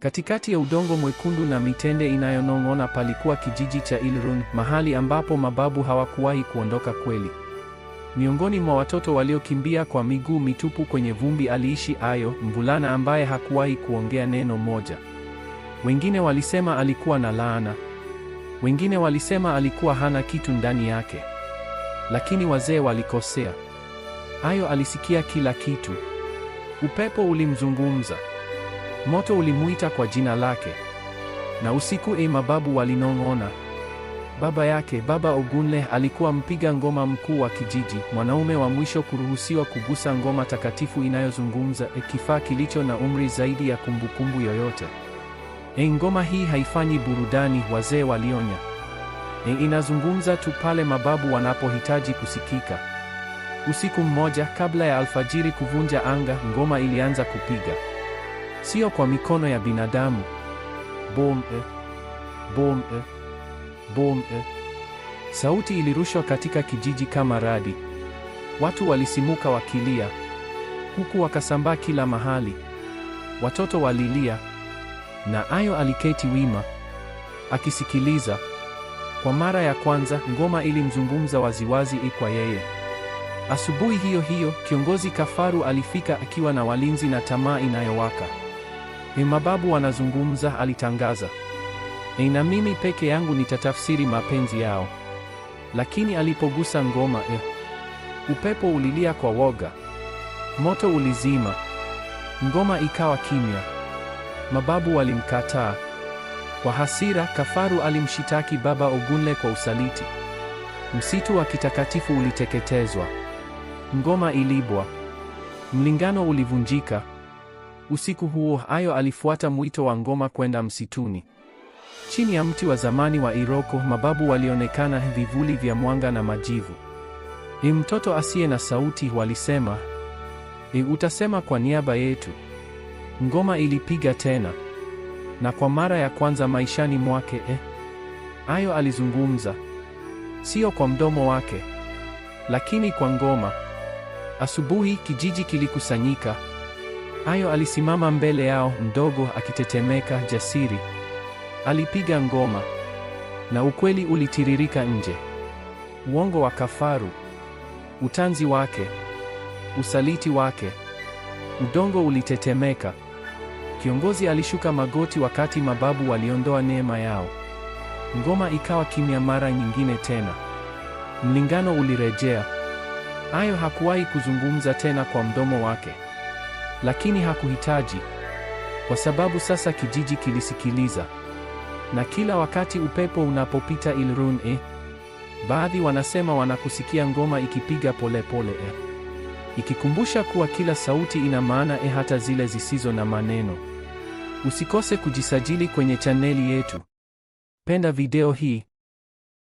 Katikati ya udongo mwekundu na mitende inayonong'ona palikuwa kijiji cha Ilrun, mahali ambapo mababu hawakuwahi kuondoka kweli. Miongoni mwa watoto waliokimbia kwa miguu mitupu kwenye vumbi aliishi Ayo, mvulana ambaye hakuwahi kuongea neno moja. Wengine walisema alikuwa na laana. Wengine walisema alikuwa hana kitu ndani yake. Lakini wazee walikosea. Ayo alisikia kila kitu. Upepo ulimzungumza. Moto ulimwita kwa jina lake, na usiku e, mababu walinong'ona. Baba yake Baba Ogunle alikuwa mpiga ngoma mkuu wa kijiji, mwanaume wa mwisho kuruhusiwa kugusa ngoma takatifu inayozungumza, e kifaa kilicho na umri zaidi ya kumbukumbu yoyote. E, ngoma hii haifanyi burudani, wazee walionya. E, inazungumza tu pale mababu wanapohitaji kusikika. Usiku mmoja kabla ya alfajiri kuvunja anga, ngoma ilianza kupiga sio kwa mikono ya binadamu. Bom, e eh. Bom, -e. Eh. Bom, -e. Eh. Sauti ilirushwa katika kijiji kama radi. Watu walisimuka wakilia, huku wakasambaa kila mahali. Watoto walilia, na Ayo aliketi wima akisikiliza. Kwa mara ya kwanza ngoma ilimzungumza waziwazi, ikwa yeye. Asubuhi hiyo hiyo, kiongozi Kafaru alifika akiwa na walinzi na tamaa inayowaka ni mababu wanazungumza, alitangaza. E, na mimi peke yangu nitatafsiri mapenzi yao. Lakini alipogusa ngoma eh, upepo ulilia kwa woga, moto ulizima, ngoma ikawa kimya. Mababu walimkataa kwa hasira. Kafaru alimshitaki Baba Ogunle kwa usaliti. Msitu wa kitakatifu uliteketezwa, ngoma ilibwa, mlingano ulivunjika. Usiku huo Ayo alifuata mwito wa ngoma kwenda msituni. Chini ya mti wa zamani wa Iroko, mababu walionekana vivuli vya mwanga na majivu. Ni mtoto asiye na sauti, walisema. Ni e, utasema kwa niaba yetu. Ngoma ilipiga tena, na kwa mara ya kwanza maishani mwake eh, Ayo alizungumza, sio kwa mdomo wake, lakini kwa ngoma. Asubuhi kijiji kilikusanyika. Ayo alisimama mbele yao, mdogo akitetemeka, jasiri. Alipiga ngoma na ukweli ulitiririka nje. Uongo wa Kafaru, utanzi wake, usaliti wake. Udongo ulitetemeka. Kiongozi alishuka magoti wakati mababu waliondoa neema yao. Ngoma ikawa kimya mara nyingine tena. Mlingano ulirejea. Ayo hakuwahi kuzungumza tena kwa mdomo wake. Lakini hakuhitaji, kwa sababu sasa kijiji kilisikiliza. Na kila wakati upepo unapopita Ilrun e, baadhi wanasema wanakusikia ngoma ikipiga polepole pole, e, ikikumbusha kuwa kila sauti ina maana e, hata zile zisizo na maneno. Usikose kujisajili kwenye chaneli yetu. Penda video hii.